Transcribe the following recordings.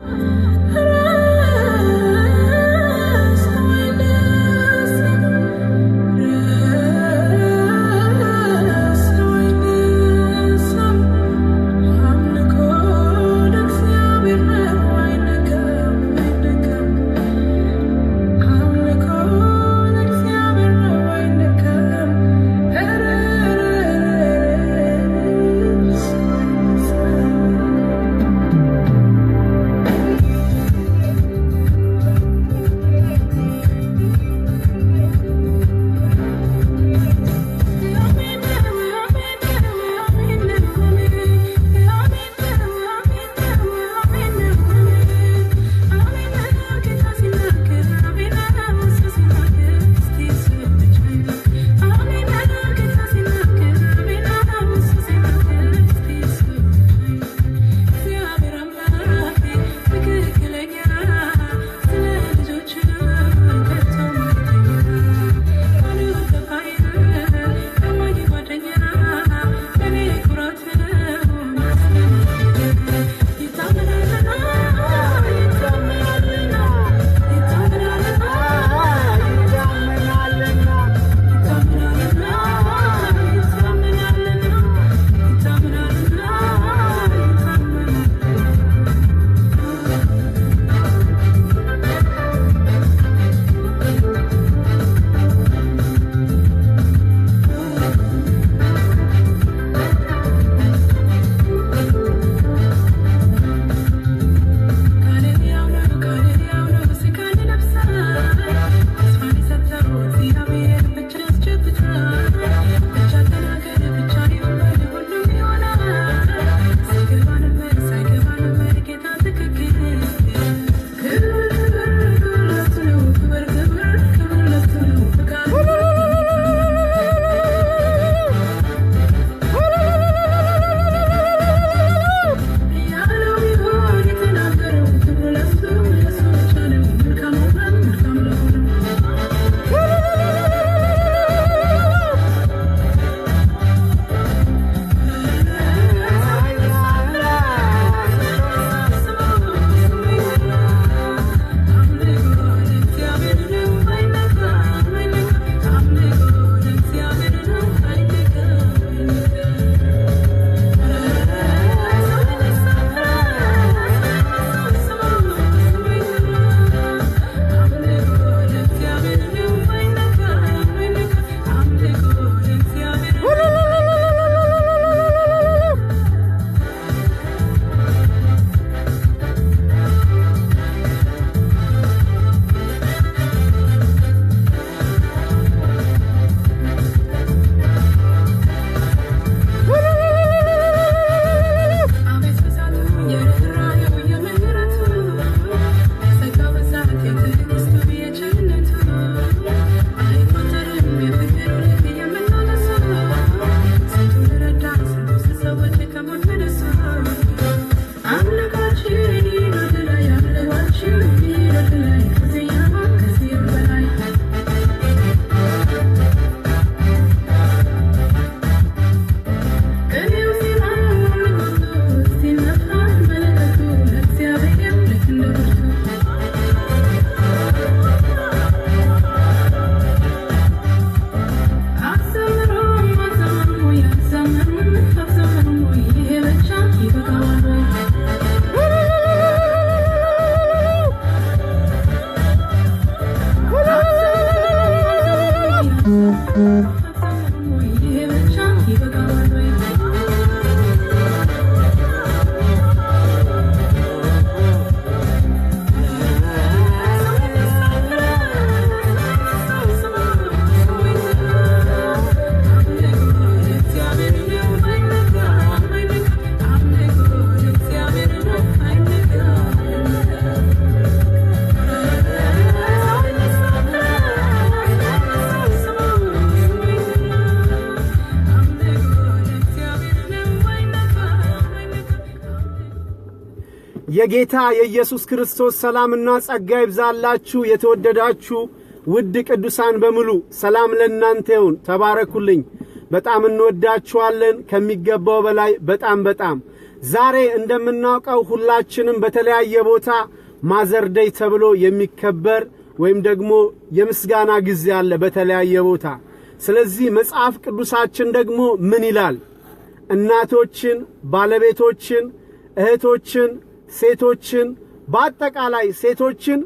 Thank you. የጌታ የኢየሱስ ክርስቶስ ሰላምና ጸጋ ይብዛላችሁ። የተወደዳችሁ ውድ ቅዱሳን በሙሉ ሰላም ለእናንተ ይሁን። ተባረኩልኝ። በጣም እንወዳችኋለን፣ ከሚገባው በላይ በጣም በጣም። ዛሬ እንደምናውቀው ሁላችንም በተለያየ ቦታ ማዘርደይ ተብሎ የሚከበር ወይም ደግሞ የምስጋና ጊዜ አለ በተለያየ ቦታ። ስለዚህ መጽሐፍ ቅዱሳችን ደግሞ ምን ይላል? እናቶችን፣ ባለቤቶችን፣ እህቶችን ሴቶችን በአጠቃላይ ሴቶችን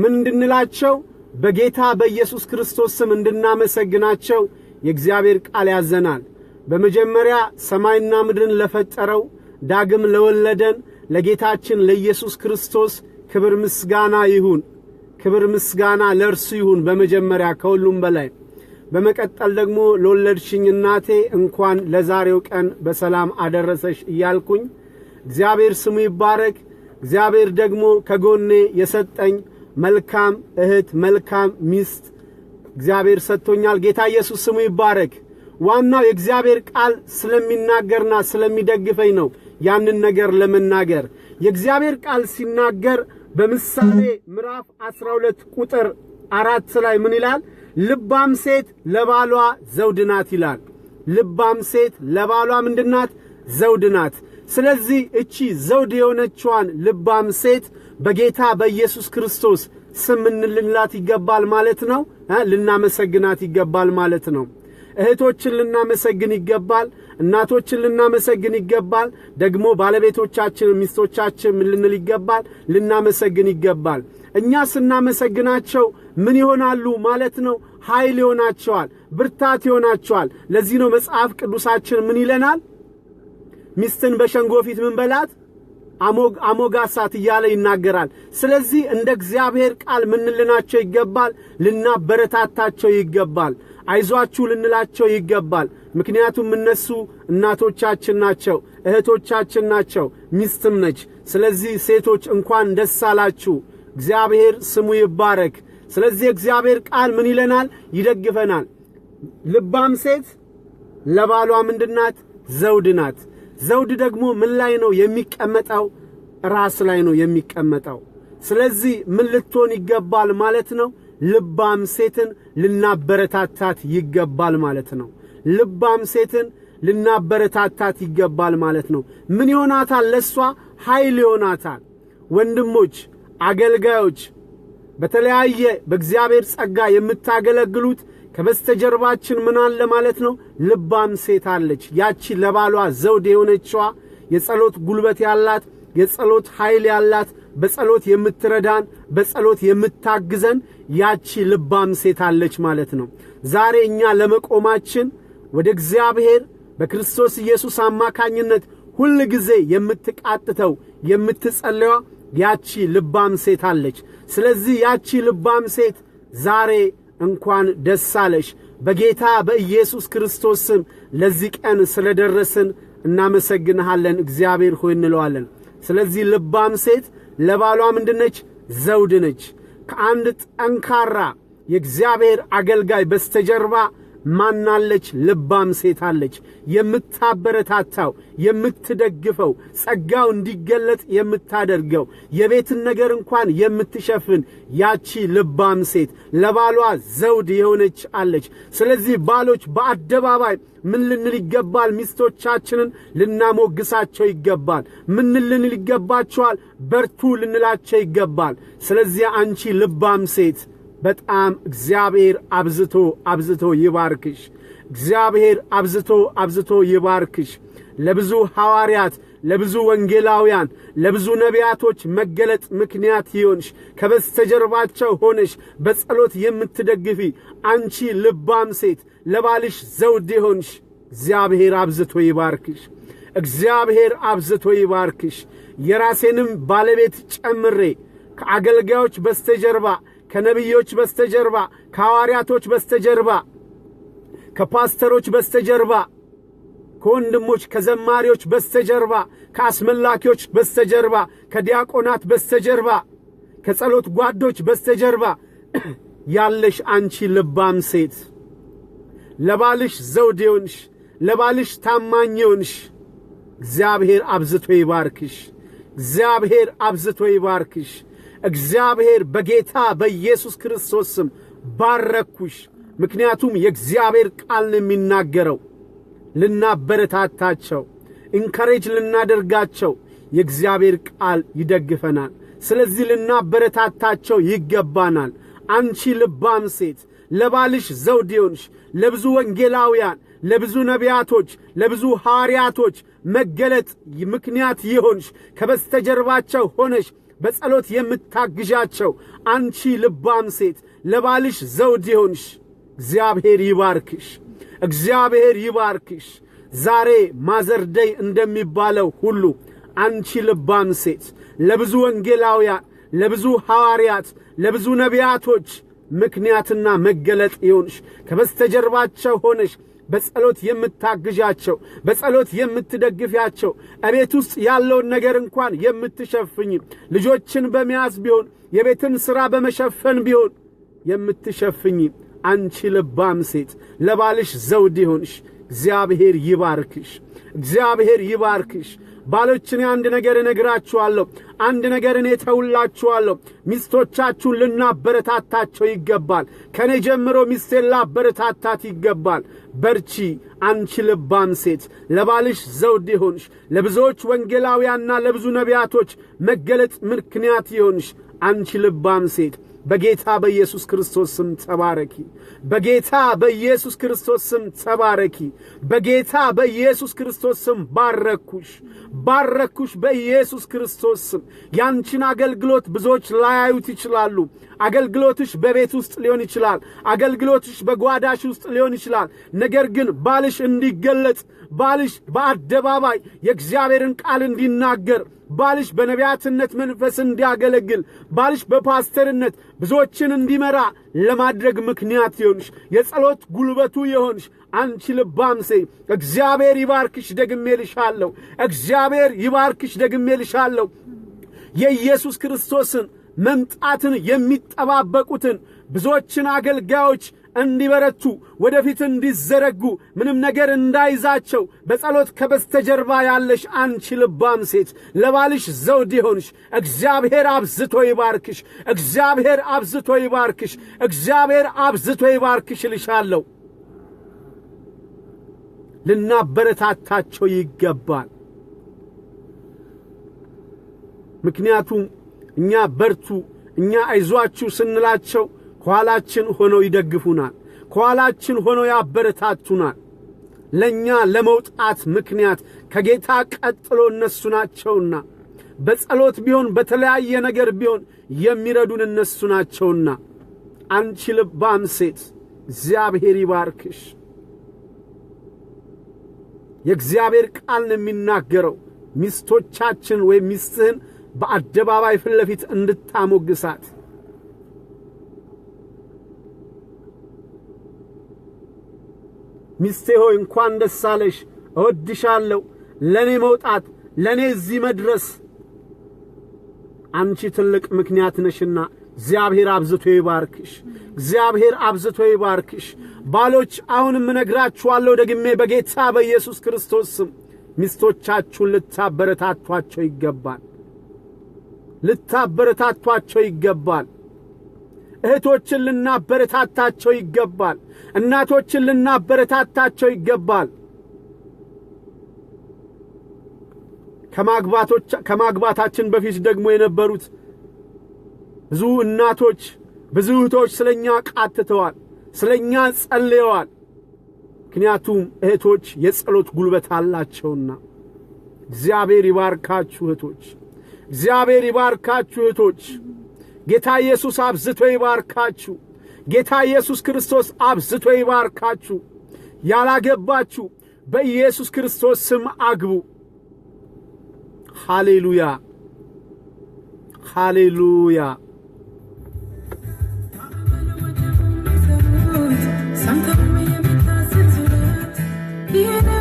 ምን እንድንላቸው በጌታ በኢየሱስ ክርስቶስ ስም እንድናመሰግናቸው የእግዚአብሔር ቃል ያዘናል። በመጀመሪያ ሰማይና ምድርን ለፈጠረው ዳግም ለወለደን ለጌታችን ለኢየሱስ ክርስቶስ ክብር ምስጋና ይሁን። ክብር ምስጋና ለእርሱ ይሁን በመጀመሪያ ከሁሉም በላይ። በመቀጠል ደግሞ ለወለድሽኝ እናቴ እንኳን ለዛሬው ቀን በሰላም አደረሰሽ እያልኩኝ እግዚአብሔር ስሙ ይባረክ። እግዚአብሔር ደግሞ ከጎኔ የሰጠኝ መልካም እህት፣ መልካም ሚስት እግዚአብሔር ሰጥቶኛል። ጌታ ኢየሱስ ስሙ ይባረክ። ዋናው የእግዚአብሔር ቃል ስለሚናገርና ስለሚደግፈኝ ነው ያንን ነገር ለመናገር የእግዚአብሔር ቃል ሲናገር በምሳሌ ምዕራፍ 12 ቁጥር አራት ላይ ምን ይላል? ልባም ሴት ለባሏ ዘውድ ናት ይላል። ልባም ሴት ለባሏ ምንድናት? ዘውድ ናት። ስለዚህ እቺ ዘውድ የሆነችዋን ልባም ሴት በጌታ በኢየሱስ ክርስቶስ ስም እንልላት ይገባል ማለት ነው። ልናመሰግናት ይገባል ማለት ነው። እህቶችን ልናመሰግን ይገባል። እናቶችን ልናመሰግን ይገባል። ደግሞ ባለቤቶቻችን፣ ሚስቶቻችን ልንል ይገባል? ልናመሰግን ይገባል። እኛ ስናመሰግናቸው ምን ይሆናሉ ማለት ነው? ኃይል ይሆናቸዋል፣ ብርታት ይሆናቸዋል። ለዚህ ነው መጽሐፍ ቅዱሳችን ምን ይለናል? ሚስትን በሸንጎ ፊት ምን በላት አሞጋሳት እያለ ይናገራል። ስለዚህ እንደ እግዚአብሔር ቃል ምንልናቸው ይገባል፣ ልናበረታታቸው ይገባል፣ አይዟችሁ ልንላቸው ይገባል። ምክንያቱም እነሱ እናቶቻችን ናቸው፣ እህቶቻችን ናቸው፣ ሚስትም ነች። ስለዚህ ሴቶች እንኳን ደስ አላችሁ፣ እግዚአብሔር ስሙ ይባረክ። ስለዚህ እግዚአብሔር ቃል ምን ይለናል? ይደግፈናል። ልባም ሴት ለባሏ ምንድናት? ዘውድ ናት። ዘውድ ደግሞ ምን ላይ ነው የሚቀመጠው? ራስ ላይ ነው የሚቀመጠው። ስለዚህ ምን ልትሆን ይገባል ማለት ነው? ልባም ሴትን ልናበረታታት ይገባል ማለት ነው። ልባም ሴትን ልናበረታታት ይገባል ማለት ነው። ምን ይሆናታል? ለሷ ኃይል ይሆናታል። ወንድሞች፣ አገልጋዮች፣ በተለያየ በእግዚአብሔር ጸጋ የምታገለግሉት ከበስተጀርባችን ምን አለ ማለት ነው? ልባም ሴት አለች። ያቺ ለባሏ ዘውድ የሆነችዋ የጸሎት ጉልበት ያላት የጸሎት ኃይል ያላት በጸሎት የምትረዳን በጸሎት የምታግዘን ያቺ ልባም ሴት አለች ማለት ነው። ዛሬ እኛ ለመቆማችን ወደ እግዚአብሔር በክርስቶስ ኢየሱስ አማካኝነት ሁል ጊዜ የምትቃጥተው የምትጸለዋ ያቺ ልባም ሴት አለች። ስለዚህ ያቺ ልባም ሴት ዛሬ እንኳን ደስ አለሽ። በጌታ በኢየሱስ ክርስቶስ ስም ለዚህ ቀን ስለ ደረስን እናመሰግንሃለን እግዚአብሔር ሆይ እንለዋለን። ስለዚህ ልባም ሴት ለባሏ ምንድነች? ዘውድ ነች። ከአንድ ጠንካራ የእግዚአብሔር አገልጋይ በስተጀርባ ማናለች? ልባም ሴት አለች። የምታበረታታው፣ የምትደግፈው፣ ጸጋው እንዲገለጥ የምታደርገው፣ የቤትን ነገር እንኳን የምትሸፍን ያቺ ልባም ሴት ለባሏ ዘውድ የሆነች አለች። ስለዚህ ባሎች በአደባባይ ምን ልንል ይገባል? ሚስቶቻችንን ልናሞግሳቸው ይገባል። ምን ልንል ይገባቸዋል? በርቱ ልንላቸው ይገባል። ስለዚህ አንቺ ልባም ሴት በጣም እግዚአብሔር አብዝቶ አብዝቶ ይባርክሽ። እግዚአብሔር አብዝቶ አብዝቶ ይባርክሽ። ለብዙ ሐዋርያት፣ ለብዙ ወንጌላውያን፣ ለብዙ ነቢያቶች መገለጥ ምክንያት ይሆንሽ ከበስተጀርባቸው ሆነሽ በጸሎት የምትደግፊ አንቺ ልባም ሴት ለባልሽ ዘውድ ይሆንሽ። እግዚአብሔር አብዝቶ ይባርክሽ። እግዚአብሔር አብዝቶ ይባርክሽ። የራሴንም ባለቤት ጨምሬ ከአገልጋዮች በስተጀርባ ከነቢዮች በስተጀርባ ከሐዋርያቶች በስተጀርባ ከፓስተሮች በስተጀርባ ከወንድሞች ከዘማሪዎች በስተጀርባ ከአስመላኪዎች በስተጀርባ ከዲያቆናት በስተጀርባ ከጸሎት ጓዶች በስተጀርባ ያለሽ አንቺ ልባም ሴት ለባልሽ ዘውድ የሆንሽ ለባልሽ ታማኝ የሆንሽ እግዚአብሔር አብዝቶ ይባርክሽ። እግዚአብሔር አብዝቶ ይባርክሽ። እግዚአብሔር በጌታ በኢየሱስ ክርስቶስ ስም ባረኩሽ። ምክንያቱም የእግዚአብሔር ቃል ነው የሚናገረው። ልናበረታታቸው፣ ኢንካሬጅ ልናደርጋቸው የእግዚአብሔር ቃል ይደግፈናል። ስለዚህ ልናበረታታቸው ይገባናል። አንቺ ልባም ሴት ለባልሽ ዘውድ ይሁንሽ። ለብዙ ወንጌላውያን፣ ለብዙ ነቢያቶች፣ ለብዙ ሐዋርያቶች መገለጥ ምክንያት ይሆንሽ ከበስተጀርባቸው ሆነሽ በጸሎት የምታግዣቸው አንቺ ልባም ሴት ለባልሽ ዘውድ ይሆንሽ። እግዚአብሔር ይባርክሽ፣ እግዚአብሔር ይባርክሽ። ዛሬ ማዘርደይ እንደሚባለው ሁሉ አንቺ ልባም ሴት ለብዙ ወንጌላውያን፣ ለብዙ ሐዋርያት፣ ለብዙ ነቢያቶች ምክንያትና መገለጥ ይሆንሽ ከበስተጀርባቸው ሆነሽ በጸሎት የምታግዣቸው፣ በጸሎት የምትደግፊያቸው፣ እቤት ውስጥ ያለውን ነገር እንኳን የምትሸፍኝ፣ ልጆችን በመያዝ ቢሆን የቤትን ሥራ በመሸፈን ቢሆን የምትሸፍኝ አንቺ ልባም ሴት ለባልሽ ዘውድ ይሁንሽ። እግዚአብሔር ይባርክሽ። እግዚአብሔር ይባርክሽ። ባሎችን አንድ ነገር እነግራችኋለሁ፣ አንድ ነገር እኔ ተውላችኋለሁ። ሚስቶቻችሁን ልናበረታታቸው ይገባል። ከእኔ ጀምሮ ሚስቴን ላበረታታት ይገባል። በርቺ አንቺ ልባም ሴት፣ ለባልሽ ዘውድ ይሆንሽ፣ ለብዙዎች ወንጌላውያንና ለብዙ ነቢያቶች መገለጥ ምክንያት ይሆንሽ አንቺ ልባም ሴት በጌታ በኢየሱስ ክርስቶስ ስም ተባረኪ። በጌታ በኢየሱስ ክርስቶስ ስም ተባረኪ። በጌታ በኢየሱስ ክርስቶስ ስም ባረኩሽ፣ ባረኩሽ በኢየሱስ ክርስቶስ ስም። ያንቺን አገልግሎት ብዙዎች ላያዩት ይችላሉ። አገልግሎትሽ በቤት ውስጥ ሊሆን ይችላል። አገልግሎትሽ በጓዳሽ ውስጥ ሊሆን ይችላል። ነገር ግን ባልሽ እንዲገለጽ ባልሽ በአደባባይ የእግዚአብሔርን ቃል እንዲናገር ባልሽ በነቢያትነት መንፈስ እንዲያገለግል ባልሽ በፓስተርነት ብዙዎችን እንዲመራ ለማድረግ ምክንያት የሆንሽ የጸሎት ጉልበቱ የሆንሽ አንቺ ልባም ሴ እግዚአብሔር ይባርክሽ፣ ደግሜ ልሻለሁ። እግዚአብሔር ይባርክሽ፣ ደግሜ ልሻለሁ። የኢየሱስ ክርስቶስን መምጣትን የሚጠባበቁትን ብዙዎችን አገልጋዮች እንዲበረቱ ወደፊት እንዲዘረጉ ምንም ነገር እንዳይዛቸው በጸሎት ከበስተጀርባ ያለሽ አንቺ ልባም ሴት ለባልሽ ዘውድ ይሆንሽ። እግዚአብሔር አብዝቶ ይባርክሽ። እግዚአብሔር አብዝቶ ይባርክሽ። እግዚአብሔር አብዝቶ ይባርክሽ እልሻለሁ። ልናበረታታቸው ይገባል። ምክንያቱም እኛ በርቱ፣ እኛ አይዟችሁ ስንላቸው ከኋላችን ሆነው ይደግፉናል። ከኋላችን ሆነው ያበረታቱናል። ለእኛ ለመውጣት ምክንያት ከጌታ ቀጥሎ እነሱ ናቸውና በጸሎት ቢሆን በተለያየ ነገር ቢሆን የሚረዱን እነሱ ናቸውና። አንቺ ልባም ሴት እግዚአብሔር ይባርክሽ። የእግዚአብሔር ቃል ነው የሚናገረው። ሚስቶቻችን ወይም ሚስትህን በአደባባይ ፊት ለፊት እንድታሞግሳት ሚስቴ ሆይ እንኳን ደስ አለሽ፣ እወድሻለሁ። ለእኔ መውጣት፣ ለእኔ እዚህ መድረስ አንቺ ትልቅ ምክንያት ነሽና እግዚአብሔር አብዝቶ ይባርክሽ። እግዚአብሔር አብዝቶ ይባርክሽ። ባሎች አሁንም እነግራችኋለሁ ደግሜ በጌታ በኢየሱስ ክርስቶስ ስም ሚስቶቻችሁን ልታበረታቷቸው ይገባል። ልታበረታቷቸው ይገባል። እህቶችን ልናበረታታቸው ይገባል። እናቶችን ልናበረታታቸው ይገባል። ከማግባታችን በፊት ደግሞ የነበሩት ብዙ እናቶች፣ ብዙ እህቶች ስለ እኛ ቃትተዋል፣ ስለ እኛ ጸልየዋል። ምክንያቱም እህቶች የጸሎት ጉልበት አላቸውና። እግዚአብሔር ይባርካችሁ እህቶች፣ እግዚአብሔር ይባርካችሁ እህቶች። ጌታ ኢየሱስ አብዝቶ ይባርካችሁ። ጌታ ኢየሱስ ክርስቶስ አብዝቶ ይባርካችሁ። ያላገባችሁ በኢየሱስ ክርስቶስ ስም አግቡ። ሃሌሉያ ሃሌሉያ። Yeah.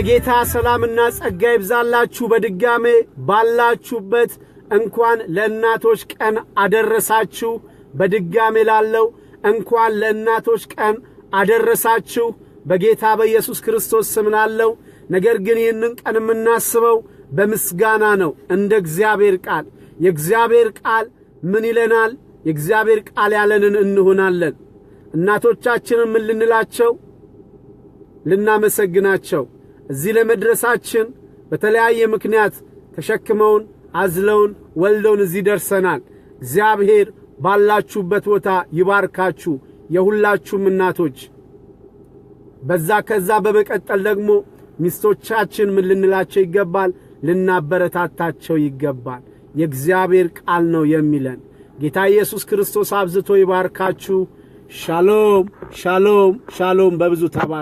የጌታ ሰላምና ጸጋ ይብዛላችሁ። በድጋሜ ባላችሁበት እንኳን ለእናቶች ቀን አደረሳችሁ። በድጋሜ ላለው እንኳን ለእናቶች ቀን አደረሳችሁ በጌታ በኢየሱስ ክርስቶስ ስም ላለው። ነገር ግን ይህንን ቀን የምናስበው በምስጋና ነው። እንደ እግዚአብሔር ቃል የእግዚአብሔር ቃል ምን ይለናል? የእግዚአብሔር ቃል ያለንን እንሆናለን። እናቶቻችንን ምን ልንላቸው? ልናመሰግናቸው እዚህ ለመድረሳችን በተለያየ ምክንያት ተሸክመውን አዝለውን ወልደውን እዚህ ደርሰናል። እግዚአብሔር ባላችሁበት ቦታ ይባርካችሁ። የሁላችሁም እናቶች በዛ ከዛ በመቀጠል ደግሞ ሚስቶቻችን ምን ልንላቸው ይገባል? ልናበረታታቸው ይገባል። የእግዚአብሔር ቃል ነው የሚለን። ጌታ ኢየሱስ ክርስቶስ አብዝቶ ይባርካችሁ። ሻሎም ሻሎም ሻሎም። በብዙ ተባረ